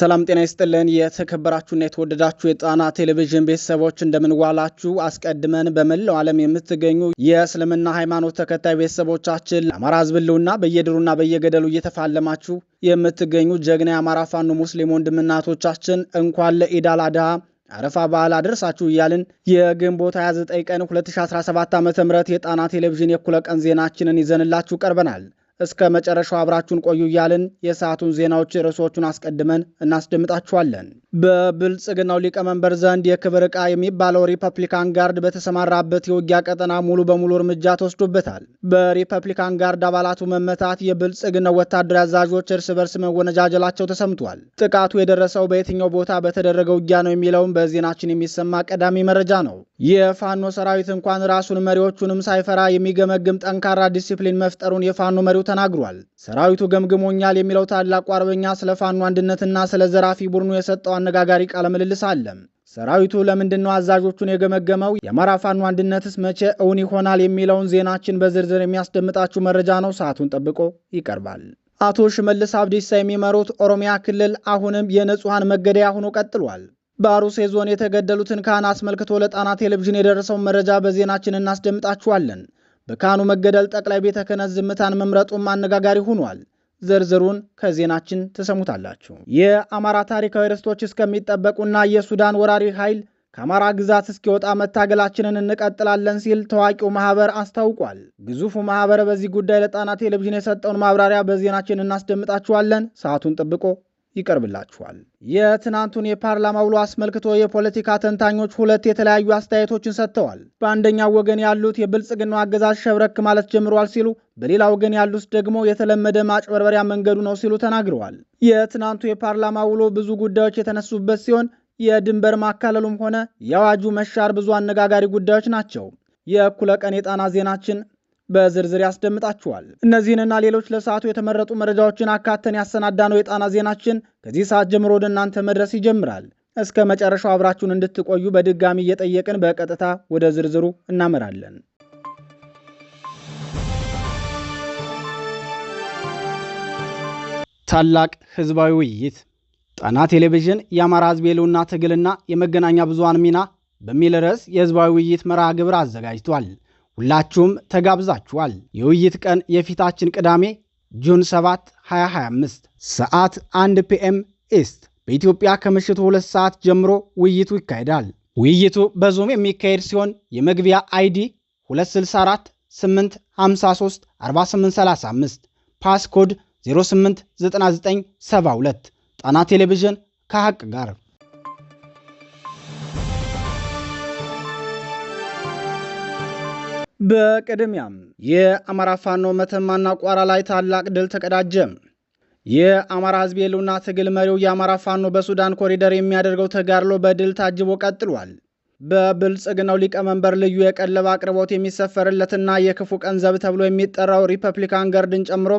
ሰላም ጤና ይስጥልን። የተከበራችሁና የተወደዳችሁ የጣና ቴሌቪዥን ቤተሰቦች እንደምንዋላችሁ። አስቀድመን በመላው ዓለም የምትገኙ የእስልምና ሃይማኖት ተከታይ ቤተሰቦቻችን ለአማራ ሕዝብ በየድሩና በየገደሉ እየተፋለማችሁ የምትገኙ ጀግና የአማራ ፋኖ ሙስሊም ወንድምናቶቻችን እንኳን ለኢዳል አድሃ አረፋ በዓል አደረሳችሁ እያልን የግንቦት 29 ቀን 2017 ዓ ም የጣና ቴሌቪዥን የኩለቀን ቀን ዜናችንን ይዘንላችሁ ቀርበናል። እስከ መጨረሻው አብራችሁን ቆዩ እያልን የሰዓቱን ዜናዎች ርዕሶቹን አስቀድመን እናስደምጣችኋለን። በብልጽግናው ሊቀመንበር ዘንድ የክብር ዕቃ የሚባለው ሪፐብሊካን ጋርድ በተሰማራበት የውጊያ ቀጠና ሙሉ በሙሉ እርምጃ ተወስዶበታል። በሪፐብሊካን ጋርድ አባላቱ መመታት የብልጽግናው ወታደራዊ አዛዦች እርስ በርስ መወነጃጀላቸው ተሰምቷል። ጥቃቱ የደረሰው በየትኛው ቦታ በተደረገ ውጊያ ነው የሚለውም በዜናችን የሚሰማ ቀዳሚ መረጃ ነው። የፋኖ ሰራዊት እንኳን ራሱን መሪዎቹንም ሳይፈራ የሚገመግም ጠንካራ ዲሲፕሊን መፍጠሩን የፋኖ መሪው ተናግሯል። ሰራዊቱ ገምግሞኛል የሚለው ታላቁ አርበኛ ስለ ፋኖ አንድነትና ስለ ዘራፊ ቡድኑ የሰጠው አነጋጋሪ ቃለምልልስ አለ። ሰራዊቱ ለምንድነው አዛዦቹን የገመገመው? የአማራ ፋኖ አንድነትስ መቼ እውን ይሆናል? የሚለውን ዜናችን በዝርዝር የሚያስደምጣችሁ መረጃ ነው። ሰዓቱን ጠብቆ ይቀርባል። አቶ ሽመልስ አብዲሳ የሚመሩት ኦሮሚያ ክልል አሁንም የንጹሐን መገደያ ሆኖ ቀጥሏል። በአሩሴ ዞን የተገደሉትን ካህን አስመልክቶ ለጣና ቴሌቪዥን የደረሰውን መረጃ በዜናችን እናስደምጣችኋለን። በካህኑ መገደል ጠቅላይ ቤተ ክህነት ዝምታን መምረጡም አነጋጋሪ ሆኗል። ዝርዝሩን ከዜናችን ትሰሙታላችሁ። የአማራ ታሪካዊ ርስቶች እስከሚጠበቁና የሱዳን ወራሪ ኃይል ከአማራ ግዛት እስኪወጣ መታገላችንን እንቀጥላለን ሲል ታዋቂው ማህበር አስታውቋል። ግዙፉ ማህበር በዚህ ጉዳይ ለጣና ቴሌቪዥን የሰጠውን ማብራሪያ በዜናችን እናስደምጣችኋለን። ሰዓቱን ጠብቆ ይቀርብላችኋል። የትናንቱን የፓርላማ ውሎ አስመልክቶ የፖለቲካ ተንታኞች ሁለት የተለያዩ አስተያየቶችን ሰጥተዋል። በአንደኛው ወገን ያሉት የብልጽግናው አገዛዝ ሸብረክ ማለት ጀምሯል ሲሉ፣ በሌላ ወገን ያሉት ደግሞ የተለመደ ማጭበርበሪያ መንገዱ ነው ሲሉ ተናግረዋል። የትናንቱ የፓርላማ ውሎ ብዙ ጉዳዮች የተነሱበት ሲሆን የድንበር ማካለሉም ሆነ የአዋጁ መሻር ብዙ አነጋጋሪ ጉዳዮች ናቸው። የእኩለ ቀን የጣና ዜናችን በዝርዝር ያስደምጣችኋል። እነዚህንና ሌሎች ለሰዓቱ የተመረጡ መረጃዎችን አካተን ያሰናዳነው የጣና ዜናችን ከዚህ ሰዓት ጀምሮ ወደ እናንተ መድረስ ይጀምራል። እስከ መጨረሻው አብራችሁን እንድትቆዩ በድጋሚ እየጠየቅን በቀጥታ ወደ ዝርዝሩ እናመራለን። ታላቅ ህዝባዊ ውይይት ጣና ቴሌቪዥን የአማራ ህዝብ የህልውና ትግልና የመገናኛ ብዙሃን ሚና በሚል ርዕስ የህዝባዊ ውይይት መርሃ ግብር አዘጋጅቷል። ሁላችሁም ተጋብዛችኋል። የውይይት ቀን የፊታችን ቅዳሜ ጁን 7 2025 ሰዓት 1 ፒኤም ኢስት በኢትዮጵያ ከምሽቱ 2 ሰዓት ጀምሮ ውይይቱ ይካሄዳል። ውይይቱ በዙም የሚካሄድ ሲሆን የመግቢያ አይዲ 264 853 4835 ፓስኮድ 089972 ጣና ቴሌቪዥን ከሐቅ ጋር በቅድሚያም የአማራ ፋኖ መተማና ቋራ ላይ ታላቅ ድል ተቀዳጀ። የአማራ ህዝብ የህልውና ትግል መሪው የአማራ ፋኖ በሱዳን ኮሪደር የሚያደርገው ተጋድሎ በድል ታጅቦ ቀጥሏል። በብልጽግናው ሊቀመንበር ልዩ የቀለብ አቅርቦት የሚሰፈርለትና የክፉ ቀን ዘብ ተብሎ የሚጠራው ሪፐብሊካን ገርድን ጨምሮ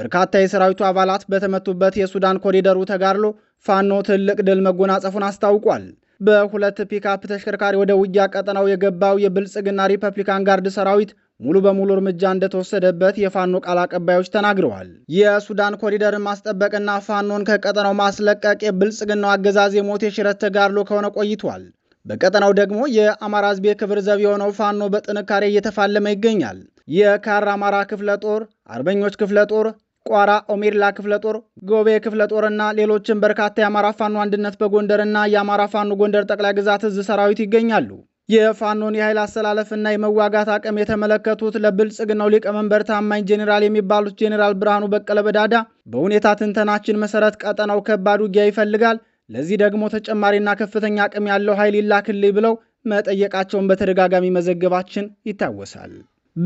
በርካታ የሰራዊቱ አባላት በተመቱበት የሱዳን ኮሪደሩ ተጋድሎ ፋኖ ትልቅ ድል መጎናጸፉን አስታውቋል። በሁለት ፒክአፕ ተሽከርካሪ ወደ ውጊያ ቀጠናው የገባው የብልጽግና ሪፐብሊካን ጋርድ ሰራዊት ሙሉ በሙሉ እርምጃ እንደተወሰደበት የፋኖ ቃል አቀባዮች ተናግረዋል። የሱዳን ኮሪደርን ማስጠበቅና ፋኖን ከቀጠናው ማስለቀቅ የብልጽግናው አገዛዝ የሞት የሽረት ተጋድሎ ከሆነ ቆይቷል። በቀጠናው ደግሞ የአማራ ሕዝብ ክብር ዘብ የሆነው ፋኖ በጥንካሬ እየተፋለመ ይገኛል። የካራ አማራ ክፍለ ጦር፣ አርበኞች ክፍለ ጦር ቋራ ኦሜድላ ክፍለ ጦር፣ ጎቤ ክፍለ ጦርና ሌሎችም በርካታ የአማራ ፋኖ አንድነት በጎንደርና የአማራ ፋኖ ጎንደር ጠቅላይ ግዛት እዝ ሰራዊት ይገኛሉ። የፋኖን የኃይል አሰላለፍና የመዋጋት አቅም የተመለከቱት ለብልጽግናው ሊቀመንበር ታማኝ ጄኔራል የሚባሉት ጄኔራል ብርሃኑ በቀለ በዳዳ በሁኔታ ትንተናችን መሰረት ቀጠናው ከባድ ውጊያ ይፈልጋል፣ ለዚህ ደግሞ ተጨማሪና ከፍተኛ አቅም ያለው ኃይል ይላክልኝ ብለው መጠየቃቸውን በተደጋጋሚ መዘገባችን ይታወሳል።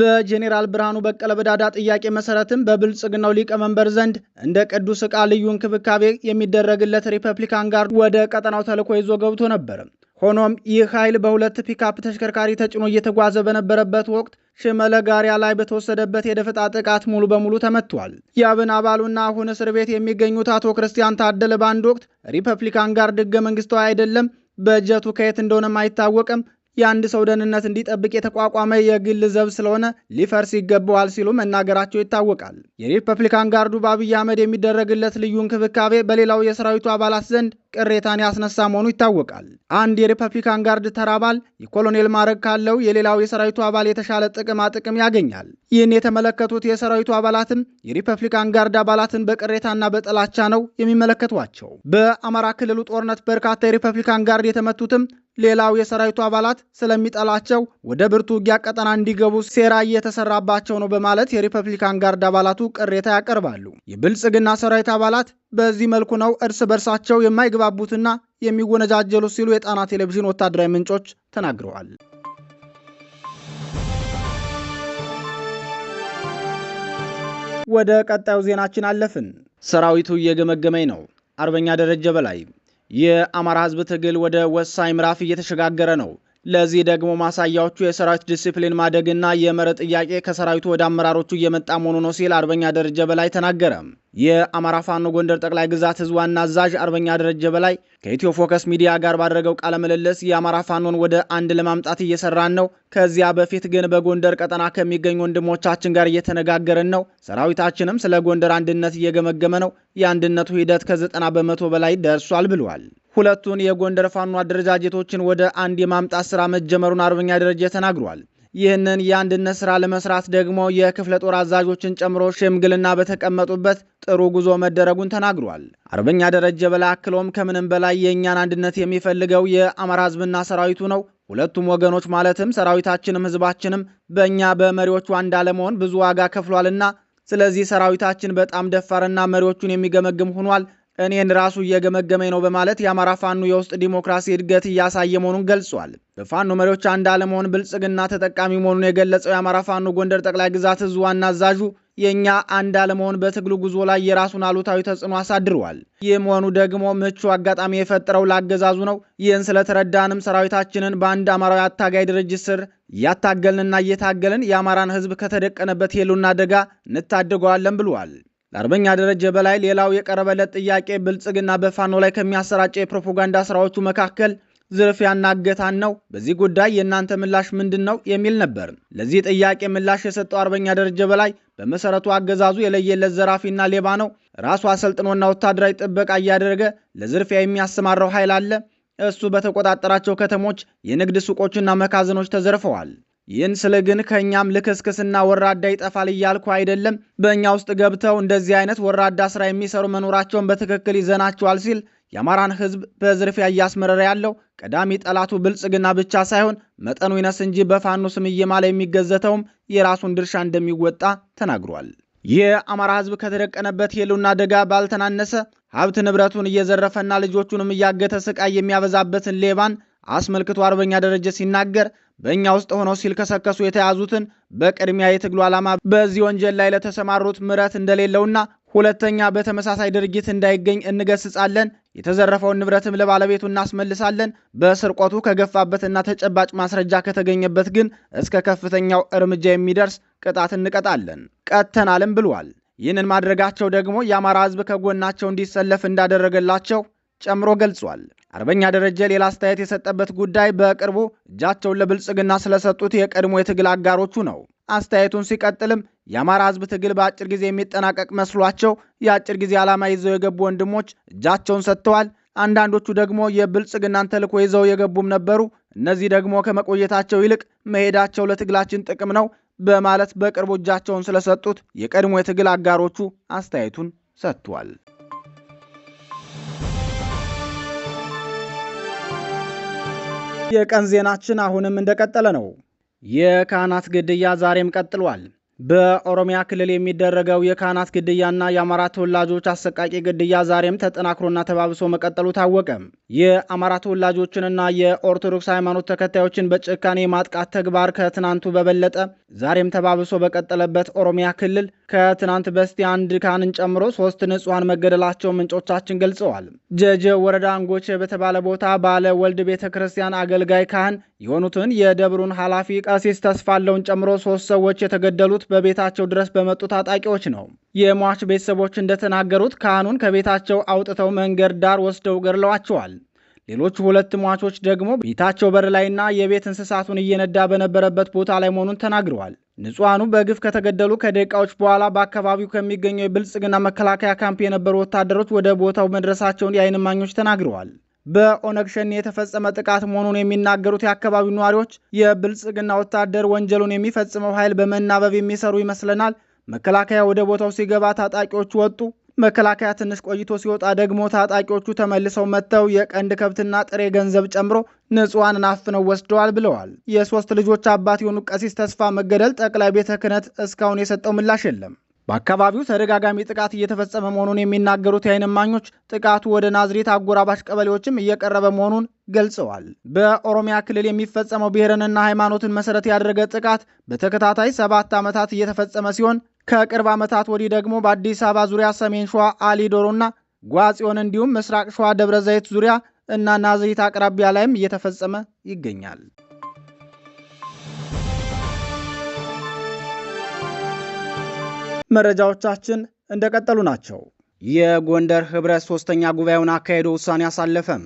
በጄኔራል ብርሃኑ በቀለ በዳዳ ጥያቄ መሰረትም በብልጽግናው ሊቀመንበር ዘንድ እንደ ቅዱስ ዕቃ ልዩ እንክብካቤ የሚደረግለት ሪፐብሊካን ጋርድ ወደ ቀጠናው ተልኮ ይዞ ገብቶ ነበር። ሆኖም ይህ ኃይል በሁለት ፒካፕ ተሽከርካሪ ተጭኖ እየተጓዘ በነበረበት ወቅት ሽመለ ጋሪያ ላይ በተወሰደበት የደፈጣ ጥቃት ሙሉ በሙሉ ተመቷል። የአብን አባሉና አሁን እስር ቤት የሚገኙት አቶ ክርስቲያን ታደለ በአንድ ወቅት ሪፐብሊካን ጋርድ ህገ መንግስታዊ አይደለም፣ በጀቱ ከየት እንደሆነም አይታወቅም፣ የአንድ ሰው ደህንነት እንዲጠብቅ የተቋቋመ የግል ዘብ ስለሆነ ሊፈርስ ይገባዋል ሲሉ መናገራቸው ይታወቃል። የሪፐብሊካን ጋርዱ በአብይ አህመድ የሚደረግለት ልዩ እንክብካቤ በሌላው የሰራዊቱ አባላት ዘንድ ቅሬታን ያስነሳ መሆኑ ይታወቃል። አንድ የሪፐብሊካን ጋርድ ተራ የኮሎኔል ማዕረግ ካለው የሌላው የሰራዊቱ አባል የተሻለ ጥቅማ ጥቅም ያገኛል። ይህን የተመለከቱት የሰራዊቱ አባላትም የሪፐብሊካን ጋርድ አባላትን በቅሬታና በጥላቻ ነው የሚመለከቷቸው። በአማራ ክልሉ ጦርነት በርካታ የሪፐብሊካን ጋርድ የተመቱትም ሌላው የሰራዊቱ አባላት ስለሚጠላቸው ወደ ብርቱ ውጊያ ቀጠና እንዲገቡ ሴራ እየተሰራባቸው ነው በማለት የሪፐብሊካን ጋርድ አባላቱ ቅሬታ ያቀርባሉ። የብልጽግና ሰራዊት አባላት በዚህ መልኩ ነው እርስ በርሳቸው የማይግባቡትና የሚወነጃጀሉት ሲሉ የጣና ቴሌቪዥን ወታደራዊ ምንጮች ተናግረዋል። ወደ ቀጣዩ ዜናችን አለፍን። ሰራዊቱ እየገመገመኝ ነው። አርበኛ ደረጀ በላይ የአማራ ህዝብ ትግል ወደ ወሳኝ ምዕራፍ እየተሸጋገረ ነው። ለዚህ ደግሞ ማሳያዎቹ የሰራዊት ዲሲፕሊን ማደግና የመረጥ ጥያቄ ከሰራዊቱ ወደ አመራሮቹ እየመጣ መሆኑ ነው ሲል አርበኛ ደረጀ በላይ ተናገረ። የአማራ ፋኖ ጎንደር ጠቅላይ ግዛት ህዝብ ዋና አዛዥ አርበኛ ደረጀ በላይ ከኢትዮ ፎከስ ሚዲያ ጋር ባደረገው ቃለ ምልልስ የአማራ ፋኖን ወደ አንድ ለማምጣት እየሰራን ነው። ከዚያ በፊት ግን በጎንደር ቀጠና ከሚገኙ ወንድሞቻችን ጋር እየተነጋገርን ነው። ሰራዊታችንም ስለ ጎንደር አንድነት እየገመገመ ነው። የአንድነቱ ሂደት ከዘጠና በመቶ በላይ ደርሷል ብሏል። ሁለቱን የጎንደር ፋኖ አደረጃጀቶችን ወደ አንድ የማምጣት ስራ መጀመሩን አርበኛ ደረጀ ተናግሯል። ይህንን የአንድነት ስራ ለመስራት ደግሞ የክፍለ ጦር አዛዦችን ጨምሮ ሽምግልና በተቀመጡበት ጥሩ ጉዞ መደረጉን ተናግሯል። አርበኛ ደረጀ በላይ አክሎም ከምንም በላይ የእኛን አንድነት የሚፈልገው የአማራ ህዝብና ሰራዊቱ ነው። ሁለቱም ወገኖች ማለትም ሰራዊታችንም ህዝባችንም በእኛ በመሪዎቹ አንድ አለመሆን ብዙ ዋጋ ከፍሏልና ስለዚህ ሰራዊታችን በጣም ደፋርና መሪዎቹን የሚገመግም ሆኗል። እኔን ራሱ እየገመገመኝ ነው በማለት የአማራ ፋኖ የውስጥ ዲሞክራሲ እድገት እያሳየ መሆኑን ገልጿል። በፋኖ መሪዎች አንድ አለመሆን ብልጽግና ተጠቃሚ መሆኑን የገለጸው የአማራ ፋኖ ጎንደር ጠቅላይ ግዛት እዝ ዋና አዛዡ የእኛ አንድ አለመሆን በትግሉ ጉዞ ላይ የራሱን አሉታዊ ተጽዕኖ አሳድሯል። ይህ መሆኑ ደግሞ ምቹ አጋጣሚ የፈጠረው ላገዛዙ ነው። ይህን ስለተረዳንም ሰራዊታችንን በአንድ አማራዊ አታጋይ ድርጅት ስር እያታገልንና እየታገልን የአማራን ሕዝብ ከተደቀነበት የሉና አደጋ እንታደገዋለን ብሏል። ለአርበኛ ደረጀ በላይ ሌላው የቀረበለት ጥያቄ ብልጽግና በፋኖ ላይ ከሚያሰራጨው የፕሮፓጋንዳ ስራዎቹ መካከል ዝርፊያና እገታን ነው። በዚህ ጉዳይ የእናንተ ምላሽ ምንድን ነው የሚል ነበር። ለዚህ ጥያቄ ምላሽ የሰጠው አርበኛ ደረጀ በላይ በመሰረቱ አገዛዙ የለየለት ዘራፊና ሌባ ነው። ራሱ አሰልጥኖና ወታደራዊ ጥበቃ እያደረገ ለዝርፊያ የሚያሰማራው ኃይል አለ። እሱ በተቆጣጠራቸው ከተሞች የንግድ ሱቆችና መካዘኖች ተዘርፈዋል። ይህን ስል ግን ከእኛም ልክስክስና ወራዳ ይጠፋል እያልኩ አይደለም። በእኛ ውስጥ ገብተው እንደዚህ አይነት ወራዳ ስራ የሚሰሩ መኖራቸውን በትክክል ይዘናቸዋል ሲል የአማራን ህዝብ በዝርፊያ እያስመረረ ያለው ቀዳሚ ጠላቱ ብልጽግና ብቻ ሳይሆን መጠኑ ይነስ እንጂ በፋኖ ስም እየማለ የሚገዘተውም የራሱን ድርሻ እንደሚወጣ ተናግሯል። የአማራ ህዝብ ከተደቀነበት የሉና አደጋ ባልተናነሰ ሀብት ንብረቱን እየዘረፈና ልጆቹንም እያገተ ስቃይ የሚያበዛበትን ሌባን አስመልክቶ አርበኛ ደረጀ ሲናገር በእኛ ውስጥ ሆነው ሲልከሰከሱ የተያዙትን በቅድሚያ የትግሉ ዓላማ በዚህ ወንጀል ላይ ለተሰማሩት ምረት እንደሌለውና ሁለተኛ በተመሳሳይ ድርጊት እንዳይገኝ እንገስጻለን። የተዘረፈውን ንብረትም ለባለቤቱ እናስመልሳለን። በስርቆቱ ከገፋበትና ተጨባጭ ማስረጃ ከተገኘበት ግን እስከ ከፍተኛው እርምጃ የሚደርስ ቅጣት እንቀጣለን ቀተናልም ብሏል። ይህንን ማድረጋቸው ደግሞ የአማራ ሕዝብ ከጎናቸው እንዲሰለፍ እንዳደረገላቸው ጨምሮ ገልጿል። አርበኛ ደረጀ ሌላ አስተያየት የሰጠበት ጉዳይ በቅርቡ እጃቸውን ለብልጽግና ስለሰጡት የቀድሞ የትግል አጋሮቹ ነው። አስተያየቱን ሲቀጥልም የአማራ ሕዝብ ትግል በአጭር ጊዜ የሚጠናቀቅ መስሏቸው የአጭር ጊዜ ዓላማ ይዘው የገቡ ወንድሞች እጃቸውን ሰጥተዋል። አንዳንዶቹ ደግሞ የብልጽግናን ተልኮ ይዘው የገቡም ነበሩ። እነዚህ ደግሞ ከመቆየታቸው ይልቅ መሄዳቸው ለትግላችን ጥቅም ነው በማለት በቅርቡ እጃቸውን ስለሰጡት የቀድሞ የትግል አጋሮቹ አስተያየቱን ሰጥቷል። የቀን ዜናችን አሁንም እንደቀጠለ ነው። የካህናት ግድያ ዛሬም ቀጥሏል። በኦሮሚያ ክልል የሚደረገው የካህናት ግድያና የአማራ ተወላጆች አሰቃቂ ግድያ ዛሬም ተጠናክሮና ተባብሶ መቀጠሉ ታወቀ። የአማራ ተወላጆችንና የኦርቶዶክስ ሃይማኖት ተከታዮችን በጭካኔ ማጥቃት ተግባር ከትናንቱ በበለጠ ዛሬም ተባብሶ በቀጠለበት ኦሮሚያ ክልል ከትናንት በስቲ አንድ ካህንን ጨምሮ ሶስት ንጹሐን መገደላቸው ምንጮቻችን ገልጸዋል። ጀጀ ወረዳ አንጎቼ በተባለ ቦታ ባለ ወልድ ቤተ ክርስቲያን አገልጋይ ካህን የሆኑትን የደብሩን ኃላፊ ቀሲስ ተስፋለውን ጨምሮ ሶስት ሰዎች የተገደሉት በቤታቸው ድረስ በመጡ ታጣቂዎች ነው። የሟች ቤተሰቦች እንደተናገሩት ካህኑን ከቤታቸው አውጥተው መንገድ ዳር ወስደው ገድለዋቸዋል። ሌሎች ሁለት ሟቾች ደግሞ ቤታቸው በር ላይና የቤት እንስሳቱን እየነዳ በነበረበት ቦታ ላይ መሆኑን ተናግረዋል። ንጹሐኑ በግፍ ከተገደሉ ከደቂቃዎች በኋላ በአካባቢው ከሚገኘው የብልጽግና መከላከያ ካምፕ የነበሩ ወታደሮች ወደ ቦታው መድረሳቸውን የአይንማኞች ተናግረዋል። በኦነግ ሸኔ የተፈጸመ ጥቃት መሆኑን የሚናገሩት የአካባቢው ነዋሪዎች የብልጽግና ወታደር ወንጀሉን የሚፈጽመው ኃይል በመናበብ የሚሰሩ ይመስለናል። መከላከያ ወደ ቦታው ሲገባ ታጣቂዎቹ ወጡ። መከላከያ ትንሽ ቆይቶ ሲወጣ ደግሞ ታጣቂዎቹ ተመልሰው መጥተው የቀንድ ከብትና ጥሬ ገንዘብ ጨምሮ ንጹሐንን አፍነው ወስደዋል ብለዋል። የሶስት ልጆች አባት የሆኑ ቀሲስ ተስፋ መገደል ጠቅላይ ቤተ ክህነት እስካሁን የሰጠው ምላሽ የለም። በአካባቢው ተደጋጋሚ ጥቃት እየተፈጸመ መሆኑን የሚናገሩት የዓይን እማኞች ጥቃቱ ወደ ናዝሬት አጎራባች ቀበሌዎችም እየቀረበ መሆኑን ገልጸዋል። በኦሮሚያ ክልል የሚፈጸመው ብሔርንና ሃይማኖትን መሰረት ያደረገ ጥቃት በተከታታይ ሰባት ዓመታት እየተፈጸመ ሲሆን ከቅርብ ዓመታት ወዲህ ደግሞ በአዲስ አበባ ዙሪያ ሰሜን ሸዋ አሊዶሮና ጓጽዮን እንዲሁም ምስራቅ ሸዋ ደብረ ዘይት ዙሪያ እና ናዝሬት አቅራቢያ ላይም እየተፈጸመ ይገኛል። መረጃዎቻችን እንደቀጠሉ ናቸው። የጎንደር ህብረት ሶስተኛ ጉባኤውን አካሄዶ ውሳኔ አሳለፈም።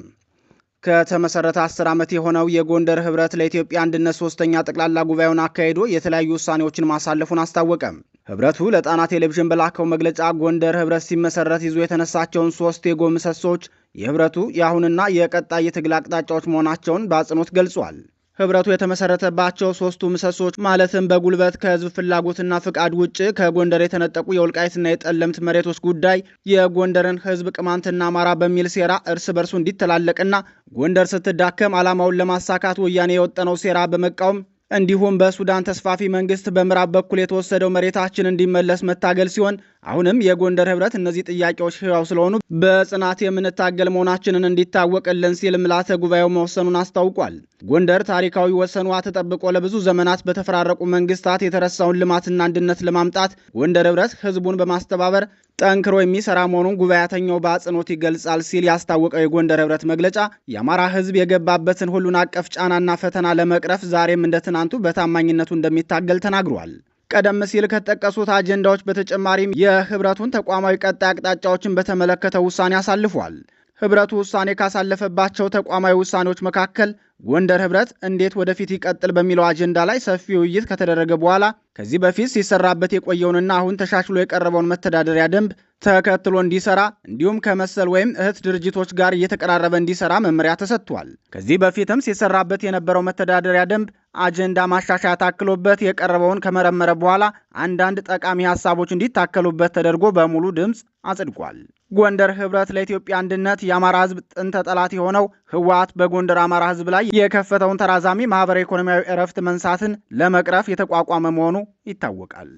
ከተመሰረተ አስር ዓመት የሆነው የጎንደር ህብረት ለኢትዮጵያ አንድነት ሶስተኛ ጠቅላላ ጉባኤውን አካሄዶ የተለያዩ ውሳኔዎችን ማሳለፉን አስታወቀም። ህብረቱ ለጣና ቴሌቪዥን በላከው መግለጫ ጎንደር ህብረት ሲመሰረት ይዞ የተነሳቸውን ሶስት የጎ ምሰሶች የህብረቱ የአሁንና የቀጣይ የትግል አቅጣጫዎች መሆናቸውን በአጽንኦት ገልጿል። ህብረቱ የተመሰረተባቸው ሶስቱ ምሰሶች ማለትም በጉልበት ከህዝብ ፍላጎትና ፍቃድ ውጭ ከጎንደር የተነጠቁ የወልቃይትና የጠለምት መሬቶች ጉዳይ የጎንደርን ህዝብ ቅማንትና አማራ በሚል ሴራ እርስ በርሱ እንዲተላለቅና ጎንደር ስትዳከም ዓላማውን ለማሳካት ወያኔ የወጠነው ሴራ በመቃወም እንዲሁም በሱዳን ተስፋፊ መንግስት በምዕራብ በኩል የተወሰደው መሬታችን እንዲመለስ መታገል ሲሆን አሁንም የጎንደር ህብረት እነዚህ ጥያቄዎች ህያው ስለሆኑ በጽናት የምንታገል መሆናችንን እንዲታወቅልን ሲል ምልዓተ ጉባኤው መወሰኑን አስታውቋል። ጎንደር ታሪካዊ ወሰኗ ተጠብቆ ለብዙ ዘመናት በተፈራረቁ መንግስታት የተረሳውን ልማትና አንድነት ለማምጣት ጎንደር ህብረት ህዝቡን በማስተባበር ጠንክሮ የሚሰራ መሆኑን ጉባኤተኛው በአጽንኦት ይገልጻል ሲል ያስታወቀው የጎንደር ህብረት መግለጫ የአማራ ህዝብ የገባበትን ሁሉን አቀፍ ጫናና ፈተና ለመቅረፍ ዛሬም እንደ ትናንቱ በታማኝነቱ እንደሚታገል ተናግሯል። ቀደም ሲል ከተጠቀሱት አጀንዳዎች በተጨማሪም የህብረቱን ተቋማዊ ቀጣይ አቅጣጫዎችን በተመለከተ ውሳኔ አሳልፏል። ህብረቱ ውሳኔ ካሳለፈባቸው ተቋማዊ ውሳኔዎች መካከል ጎንደር ህብረት እንዴት ወደፊት ይቀጥል በሚለው አጀንዳ ላይ ሰፊ ውይይት ከተደረገ በኋላ ከዚህ በፊት ሲሰራበት የቆየውንና አሁን ተሻሽሎ የቀረበውን መተዳደሪያ ደንብ ተከትሎ እንዲሰራ እንዲሁም ከመሰል ወይም እህት ድርጅቶች ጋር እየተቀራረበ እንዲሰራ መመሪያ ተሰጥቷል። ከዚህ በፊትም ሲሰራበት የነበረው መተዳደሪያ ደንብ አጀንዳ ማሻሻያ ታክሎበት የቀረበውን ከመረመረ በኋላ አንዳንድ ጠቃሚ ሀሳቦች እንዲታከሉበት ተደርጎ በሙሉ ድምፅ አጽድቋል። ጎንደር ህብረት ለኢትዮጵያ አንድነት የአማራ ህዝብ ጥንተ ጠላት የሆነው ህወሓት በጎንደር አማራ ህዝብ ላይ የከፈተውን ተራዛሚ ማህበራዊ ኢኮኖሚያዊ እረፍት መንሳትን ለመቅረፍ የተቋቋመ መሆኑ ይታወቃል።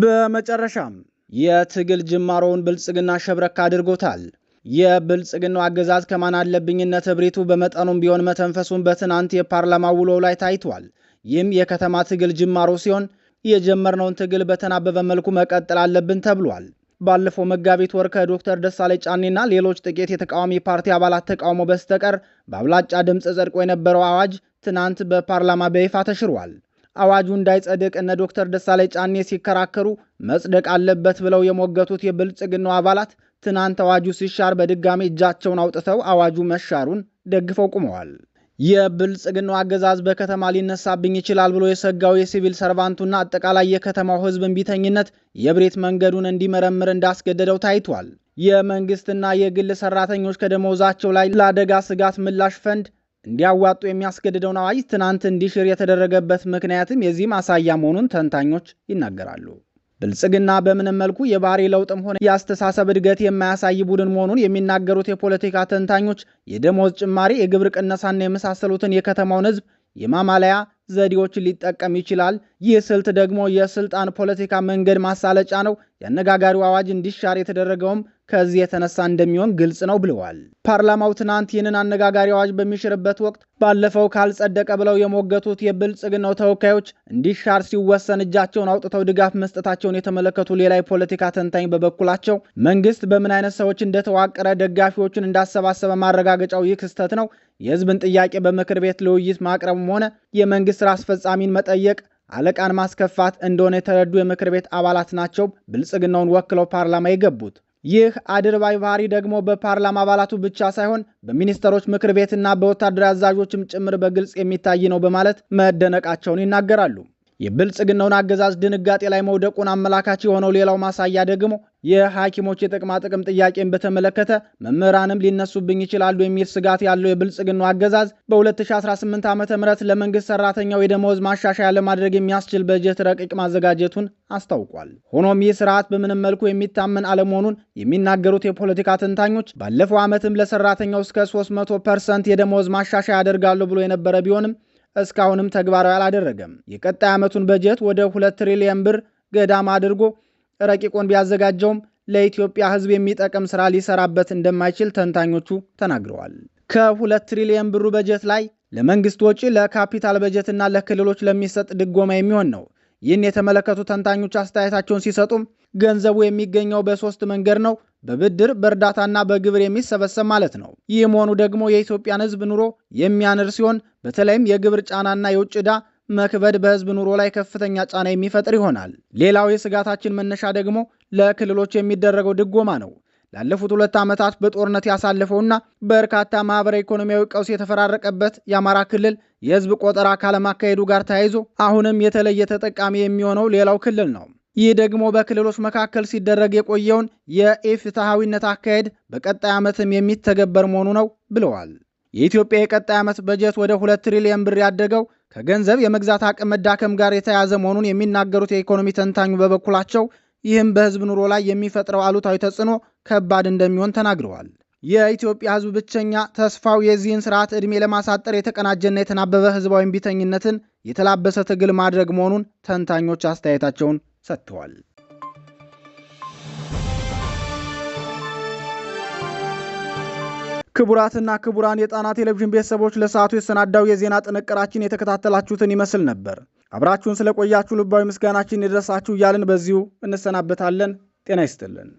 በመጨረሻም የትግል ጅማሮውን ብልጽግና ሸብረካ አድርጎታል። የብልጽግናው አገዛዝ ከማን አለብኝነት እብሪቱ በመጠኑም ቢሆን መተንፈሱን በትናንት የፓርላማ ውሎ ላይ ታይቷል። ይህም የከተማ ትግል ጅማሮ ሲሆን የጀመርነውን ትግል በተናበበ መልኩ መቀጠል አለብን ተብሏል። ባለፈው መጋቢት ወር ከዶክተር ደሳሌ ጫኔና ሌሎች ጥቂት የተቃዋሚ ፓርቲ አባላት ተቃውሞ በስተቀር በአብላጫ ድምፅ ጸድቆ የነበረው አዋጅ ትናንት በፓርላማ በይፋ ተሽሯል። አዋጁ እንዳይጸድቅ እነ ዶክተር ደሳለኝ ጫኔ ሲከራከሩ መጽደቅ አለበት ብለው የሞገቱት የብልጽግናው አባላት ትናንት አዋጁ ሲሻር በድጋሚ እጃቸውን አውጥተው አዋጁ መሻሩን ደግፈው ቁመዋል። የብልጽግናው አገዛዝ በከተማ ሊነሳብኝ ይችላል ብሎ የሰጋው የሲቪል ሰርቫንቱና አጠቃላይ የከተማው ሕዝብ እምቢተኝነት የብሬት መንገዱን እንዲመረምር እንዳስገደደው ታይቷል። የመንግስትና የግል ሰራተኞች ከደሞዛቸው ላይ ለአደጋ ስጋት ምላሽ ፈንድ እንዲያዋጡ የሚያስገድደውን አዋጅ ትናንት እንዲሽር የተደረገበት ምክንያትም የዚህ ማሳያ መሆኑን ተንታኞች ይናገራሉ። ብልጽግና በምንም መልኩ የባህሪ ለውጥም ሆነ የአስተሳሰብ እድገት የማያሳይ ቡድን መሆኑን የሚናገሩት የፖለቲካ ተንታኞች የደሞዝ ጭማሪ፣ የግብር ቅነሳና የመሳሰሉትን የከተማውን ሕዝብ የማማለያ ዘዴዎችን ሊጠቀም ይችላል ይህ ስልት ደግሞ የስልጣን ፖለቲካ መንገድ ማሳለጫ ነው። የአነጋጋሪው አዋጅ እንዲሻር የተደረገውም ከዚህ የተነሳ እንደሚሆን ግልጽ ነው ብለዋል። ፓርላማው ትናንት ይህንን አነጋጋሪ አዋጅ በሚሽርበት ወቅት ባለፈው ካልጸደቀ ብለው የሞገቱት የብልጽግናው ተወካዮች እንዲሻር ሲወሰን እጃቸውን አውጥተው ድጋፍ መስጠታቸውን የተመለከቱ ሌላ የፖለቲካ ተንታኝ በበኩላቸው መንግስት በምን አይነት ሰዎች እንደተዋቀረ፣ ደጋፊዎቹን እንዳሰባሰበ ማረጋገጫው ይህ ክስተት ነው። የህዝብን ጥያቄ በምክር ቤት ለውይይት ማቅረብም ሆነ የመንግስት ስራ አስፈጻሚን መጠየቅ አለቃን ማስከፋት እንደሆነ የተረዱ የምክር ቤት አባላት ናቸው ብልጽግናውን ወክለው ፓርላማ የገቡት። ይህ አድርባይ ባህሪ ደግሞ በፓርላማ አባላቱ ብቻ ሳይሆን በሚኒስትሮች ምክር ቤትና በወታደራዊ አዛዦችም ጭምር በግልጽ የሚታይ ነው በማለት መደነቃቸውን ይናገራሉ። የብልጽግናውን አገዛዝ ድንጋጤ ላይ መውደቁን አመላካች የሆነው ሌላው ማሳያ ደግሞ የሐኪሞች የጥቅማ ጥቅም ጥያቄን በተመለከተ መምህራንም ሊነሱብኝ ይችላሉ የሚል ስጋት ያለው የብልጽግናው አገዛዝ በ2018 ዓ ም ለመንግስት ሰራተኛው የደመወዝ ማሻሻያ ለማድረግ የሚያስችል በጀት ረቂቅ ማዘጋጀቱን አስታውቋል። ሆኖም ይህ ስርዓት በምንም መልኩ የሚታመን አለመሆኑን የሚናገሩት የፖለቲካ ተንታኞች ባለፈው ዓመትም ለሰራተኛው እስከ 300 ፐርሰንት የደመወዝ ማሻሻያ ያደርጋሉ ብሎ የነበረ ቢሆንም እስካሁንም ተግባራዊ አላደረገም። የቀጣይ ዓመቱን በጀት ወደ ሁለት ትሪሊየን ብር ገዳማ አድርጎ ረቂቁን ቢያዘጋጀውም ለኢትዮጵያ ሕዝብ የሚጠቅም ስራ ሊሰራበት እንደማይችል ተንታኞቹ ተናግረዋል። ከሁለት ትሪሊየን ብሩ በጀት ላይ ለመንግስት ወጪ፣ ለካፒታል በጀትና ለክልሎች ለሚሰጥ ድጎማ የሚሆን ነው። ይህን የተመለከቱ ተንታኞች አስተያየታቸውን ሲሰጡም ገንዘቡ የሚገኘው በሶስት መንገድ ነው። በብድር በእርዳታና በግብር የሚሰበሰብ ማለት ነው። ይህ መሆኑ ደግሞ የኢትዮጵያን ሕዝብ ኑሮ የሚያንር ሲሆን በተለይም የግብር ጫናና የውጭ ዕዳ መክበድ በህዝብ ኑሮ ላይ ከፍተኛ ጫና የሚፈጥር ይሆናል። ሌላው የስጋታችን መነሻ ደግሞ ለክልሎች የሚደረገው ድጎማ ነው። ላለፉት ሁለት ዓመታት በጦርነት ያሳለፈውና በርካታ ማኅበራዊ ኢኮኖሚያዊ ቀውስ የተፈራረቀበት የአማራ ክልል የህዝብ ቆጠራ ካለማካሄዱ ጋር ተያይዞ አሁንም የተለየ ተጠቃሚ የሚሆነው ሌላው ክልል ነው። ይህ ደግሞ በክልሎች መካከል ሲደረግ የቆየውን የኢፍትሐዊነት አካሄድ በቀጣይ ዓመትም የሚተገበር መሆኑ ነው ብለዋል። የኢትዮጵያ የቀጣይ ዓመት በጀት ወደ ሁለት ትሪሊየን ብር ያደገው ከገንዘብ የመግዛት አቅም መዳከም ጋር የተያያዘ መሆኑን የሚናገሩት የኢኮኖሚ ተንታኙ በበኩላቸው ይህም በህዝብ ኑሮ ላይ የሚፈጥረው አሉታዊ ተጽዕኖ ከባድ እንደሚሆን ተናግረዋል። የኢትዮጵያ ሕዝብ ብቸኛ ተስፋው የዚህን ስርዓት ዕድሜ ለማሳጠር የተቀናጀና የተናበበ ሕዝባዊ እምቢተኝነትን የተላበሰ ትግል ማድረግ መሆኑን ተንታኞች አስተያየታቸውን ሰጥተዋል። ክቡራትና ክቡራን የጣና ቴሌቪዥን ቤተሰቦች ለሰዓቱ የሰናዳው የዜና ጥንቅራችን የተከታተላችሁትን ይመስል ነበር። አብራችሁን ስለቆያችሁ ልባዊ ምስጋናችን ይድረሳችሁ እያልን በዚሁ እንሰናበታለን። ጤና ይስጥልን።